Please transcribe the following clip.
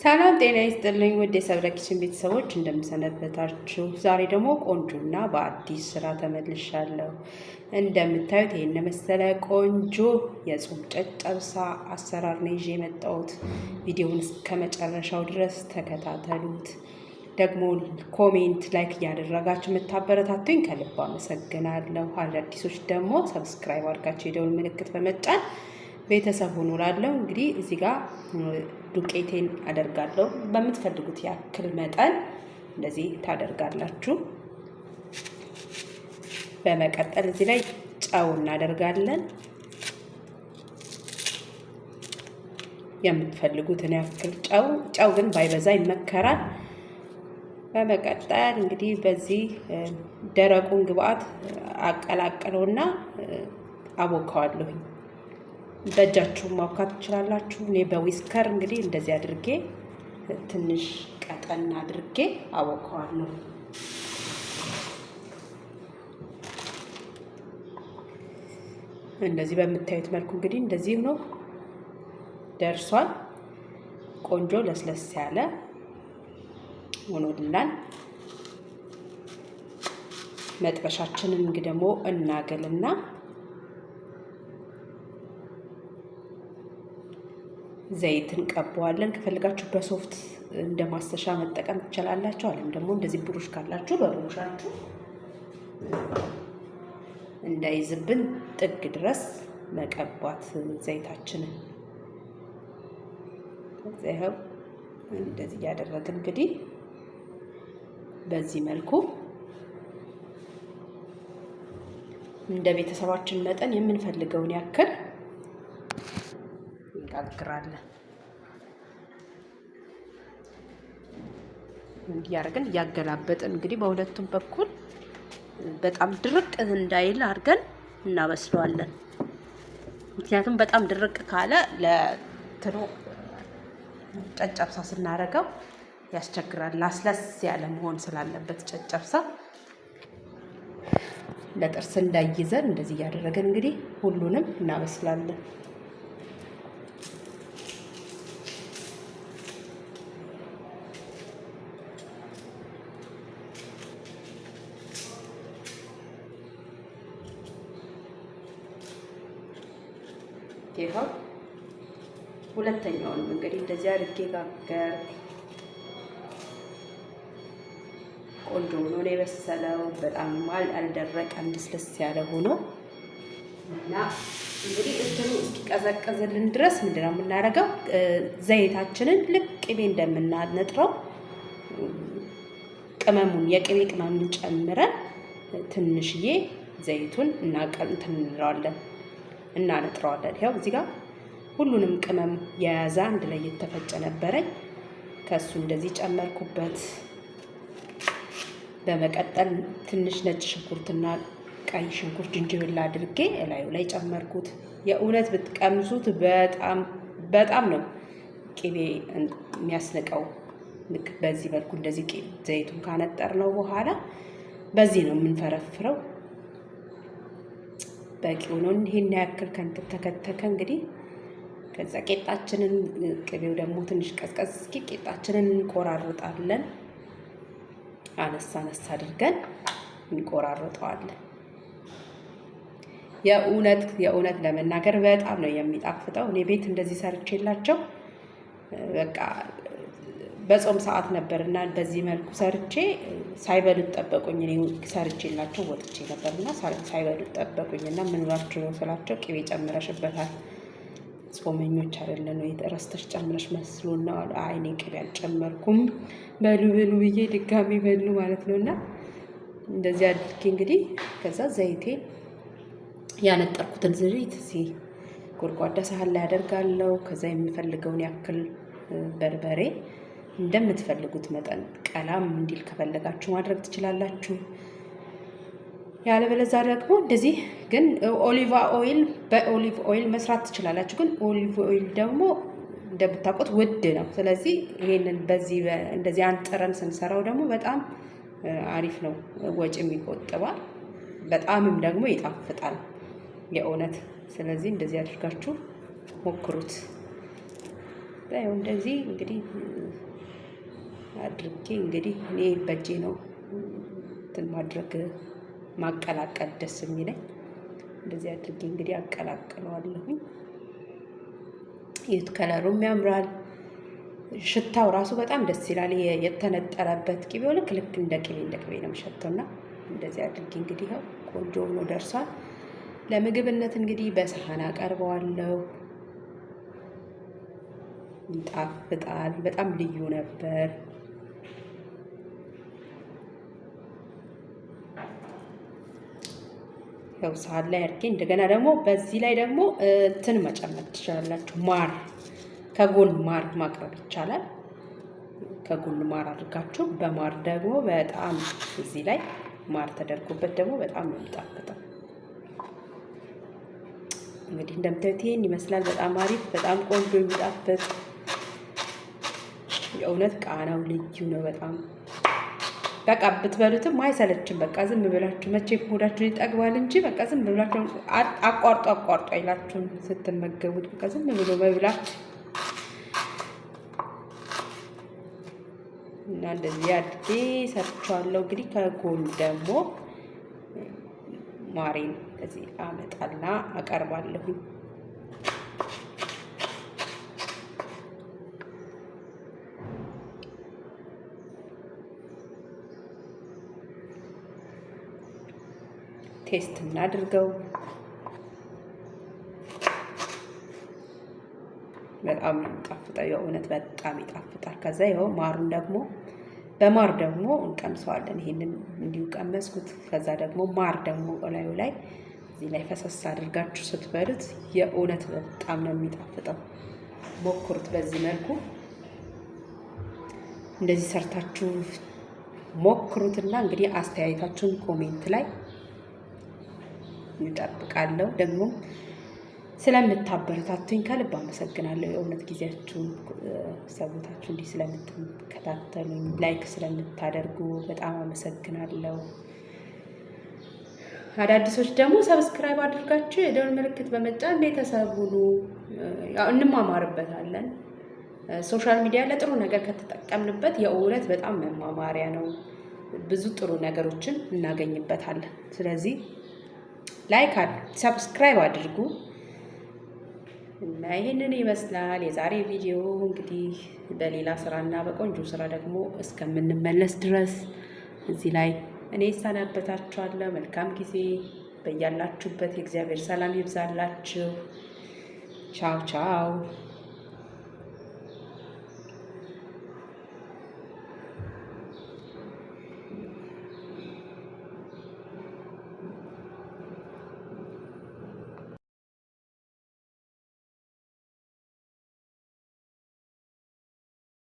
ሰላም ጤና ይስጥልኝ ውድ የሰብለ ኪችን ቤተሰቦች እንደምሰነበታችሁ። ዛሬ ደግሞ ቆንጆና በአዲስ ስራ ተመልሻለሁ። እንደምታዩት ይህን መሰለ ቆንጆ የጾም ጨጨብሳ አሰራር ነው ይዤ የመጣሁት። ቪዲዮውን እስከመጨረሻው ድረስ ተከታተሉት። ደግሞ ኮሜንት፣ ላይክ እያደረጋችሁ የምታበረታቱኝ ከልብ አመሰግናለሁ። አዳዲሶች ደግሞ ሰብስክራይብ አድርጋችሁ የደውል ምልክት በመጫን ቤተሰብ ሆኖ ላለው እንግዲህ እዚህ ጋር ዱቄቴን አደርጋለሁ። በምትፈልጉት ያክል መጠን እንደዚህ ታደርጋላችሁ። በመቀጠል እዚህ ላይ ጨው እናደርጋለን። የምትፈልጉትን ያክል ጨው ጨው ግን ባይበዛ ይመከራል። በመቀጠል እንግዲህ በዚህ ደረቁን ግብአት አቀላቅለውና አቦካዋለሁኝ። በእጃችሁ ማውካት ትችላላችሁ። እኔ በዊስከር እንግዲህ እንደዚህ አድርጌ ትንሽ ቀጠን አድርጌ አወቀዋለሁ። እንደዚህ በምታዩት መልኩ እንግዲህ እንደዚህ ነው ደርሷል። ቆንጆ ለስለስ ያለ ሆኖልናል። መጥበሻችንን እንግዲህ ደግሞ እናገልና ዘይት እንቀባዋለን። ከፈልጋችሁ በሶፍት እንደ ማስተሻ መጠቀም ትችላላችሁ። አለም ደግሞ እንደዚህ ብሩሽ ካላችሁ በብሩሻችሁ እንዳይዝብን ጥግ ድረስ መቀባት ዘይታችንን ይኸው እንደዚህ እያደረግን እንግዲህ በዚህ መልኩ እንደ ቤተሰባችን መጠን የምንፈልገውን ያክል እንጋግራለን። እንዲያርገን እያገላበጥን እንግዲህ በሁለቱም በኩል በጣም ድርቅ እንዳይል አድርገን እናበስለዋለን። ምክንያቱም በጣም ድርቅ ካለ ለትሮ ጨጨብሳ ስናደርገው ያስቸግራል። ላስለስ ያለ መሆን ስላለበት ጨጨብሳ ለጥርስ እንዳይዘን እንደዚህ እያደረገን እንግዲህ ሁሉንም እናበስላለን። ይኸው ሁለተኛውን እንግዲህ እንደዚህ አድርጌ ጋገር ቆንጆ ሆኖ ነው የበሰለው። በጣም አልደረቀም፣ ልስልስ ያለ ሆኖ እና እንግዲህ እንትኑ እስኪቀዘቅዝልን ድረስ ምንድን ነው የምናደርገው? ዘይታችንን ልክ ቅቤ እንደምናነጥረው ቅመሙን የቅቤ ቅመሙን ጨምረን ትንሽዬ ዘይቱን እናቀ እንትን እንለዋለን እናነጥረዋለን። ይኸው እዚህ ጋር ሁሉንም ቅመም የያዘ አንድ ላይ የተፈጨ ነበረኝ። ከእሱ እንደዚህ ጨመርኩበት። በመቀጠል ትንሽ ነጭ ሽንኩርትና ቀይ ሽንኩርት ጅንጅብል አድርጌ እላዩ ላይ ጨመርኩት። የእውነት ብትቀምሱት በጣም በጣም ነው ቅቤ የሚያስንቀው። ልክ በዚህ መልኩ እንደዚህ ዘይቱን ካነጠርነው በኋላ በዚህ ነው የምንፈረፍረው። በቂው ነው። ይሄን ያክል ከተከተከ እንግዲህ ከዛ ቄጣችንን ቅቤው ደግሞ ትንሽ ቀዝቀዝ እስኪ ቄጣችንን እንቆራርጣለን። አነሳ አነሳ አድርገን እንቆራርጠዋለን። የእውነት የእውነት ለመናገር በጣም ነው የሚጣፍጠው። እኔ ቤት እንደዚህ ሰርቼላቸው በቃ በጾም ሰዓት ነበር እና በዚህ መልኩ ሰርቼ ሳይበሉት ጠበቁኝ። እኔ ሰርቼላቸው ወጥቼ ነበር እና ሳይበሉት ጠበቁኝ እና ምን ብላችሁ ነው ስላቸው ቅቤ ጨምረሽበታል ጾመኞች አይደለን ወይ ረስተሽ ጨምረሽ መስሎና አሉ። አይ እኔ ቅቤ አልጨመርኩም በሉ በሉ ብዬ ድጋሚ በሉ ማለት ነው እና እንደዚህ አድርጌ እንግዲህ ከዛ ዘይቴ ያነጠርኩትን ዝሪት እዚህ ጎድጓዳ ሳህን ላይ አደርጋለሁ። ከዛ የምፈልገውን ያክል በርበሬ እንደምትፈልጉት መጠን ቀላም እንዲል ከፈለጋችሁ ማድረግ ትችላላችሁ። ያለበለዛ ደግሞ እንደዚህ ግን ኦሊቫ ኦይል በኦሊቭ ኦይል መስራት ትችላላችሁ። ግን ኦሊቭ ኦይል ደግሞ እንደምታውቁት ውድ ነው። ስለዚህ ይሄንን በዚህ እንደዚህ አንጥረን ስንሰራው ደግሞ በጣም አሪፍ ነው፣ ወጪም ይቆጥባል፣ በጣምም ደግሞ ይጣፍጣል የእውነት። ስለዚህ እንደዚህ አድርጋችሁ ሞክሩት። እንደዚህ እንግዲህ አድርጌ እንግዲህ እኔ በእጄ ነው እንትን ማድረግ ማቀላቀል ደስ የሚለኝ። እንደዚህ አድርጌ እንግዲህ አቀላቅለዋለሁኝ። ይሁት ከለሩም ያምራል። ሽታው ራሱ በጣም ደስ ይላል። የተነጠረበት ቅቤው ልክ ልክ እንደ ቅቤ እንደ ቅቤ ነው የሚሸተውና እንደዚህ አድርጌ እንግዲህ ያው ቆንጆ ሆኖ ደርሷል። ለምግብነት እንግዲህ በሰሃን አቀርበዋለሁ። ይጣፍጣል። በጣም ልዩ ነበር። ያው ሳህን ላይ አድርጌ እንደገና ደግሞ በዚህ ላይ ደግሞ እንትን መጨመር ትችላላችሁ። ማር ከጎን ማር ማቅረብ ይቻላል። ከጎን ማር አድርጋችሁ በማር ደግሞ በጣም እዚህ ላይ ማር ተደርጎበት ደግሞ በጣም ነው የሚጣፍጠው። እንግዲህ እንደምታዩት ይሄን ይመስላል። በጣም አሪፍ፣ በጣም ቆንጆ የሚጣፍጥ የእውነት ቃናው ልዩ ነው በጣም በቃ ብትበሉትም አይሰለችም። በቃ ዝም ብላችሁ መቼ ሆዳችሁን ይጠግባል እንጂ በቃ ዝም ብላችሁ አቋርጦ አቋርጦ አይላችሁም ስትመገቡት። በቃ ዝም ብሎ መብላት እና እንደዚህ አድጌ ሰርቸዋለሁ። እንግዲህ ከጎን ደግሞ ማሬን እዚህ አመጣና አቀርባለሁኝ። ቴስት እናድርገው። በጣም ነው የእውነት በጣም ይጣፍጣል። ከዛ ይኸው ማሩን ደግሞ በማር ደግሞ እንቀምሰዋለን። ይሄንን እንዲሁ ቀመስኩት። ከዛ ደግሞ ማር ደግሞ እላዩ ላይ እዚህ ላይ ፈሰስ አድርጋችሁ ስትበሉት የእውነት በጣም ነው የሚጣፍጠው። ሞክሩት። በዚህ መልኩ እንደዚህ ሰርታችሁ ሞክሩትና እንግዲህ አስተያየታችሁን ኮሜንት ላይ እጠብቃለሁ። ደግሞ ስለምታበረታቱኝ ከልብ አመሰግናለሁ። የእውነት ጊዜያችሁን ሰቦታችሁ እንዲህ ስለምትከታተሉኝ፣ ላይክ ስለምታደርጉ በጣም አመሰግናለሁ። አዳዲሶች ደግሞ ሰብስክራይብ አድርጋችሁ የደወል ምልክት በመጫን ቤተሰብ ሁኑ። እንማማርበታለን። ሶሻል ሚዲያ ለጥሩ ነገር ከተጠቀምንበት የእውነት በጣም መማማሪያ ነው። ብዙ ጥሩ ነገሮችን እናገኝበታለን። ስለዚህ ላይክ ሰብስክራይብ አድርጉ እና ይህንን ይመስላል የዛሬ ቪዲዮ። እንግዲህ በሌላ ስራና በቆንጆ ስራ ደግሞ እስከምንመለስ ድረስ እዚህ ላይ እኔ ይሰናበታችኋለሁ። መልካም ጊዜ በያላችሁበት። የእግዚአብሔር ሰላም ይብዛላችሁ። ቻው ቻው።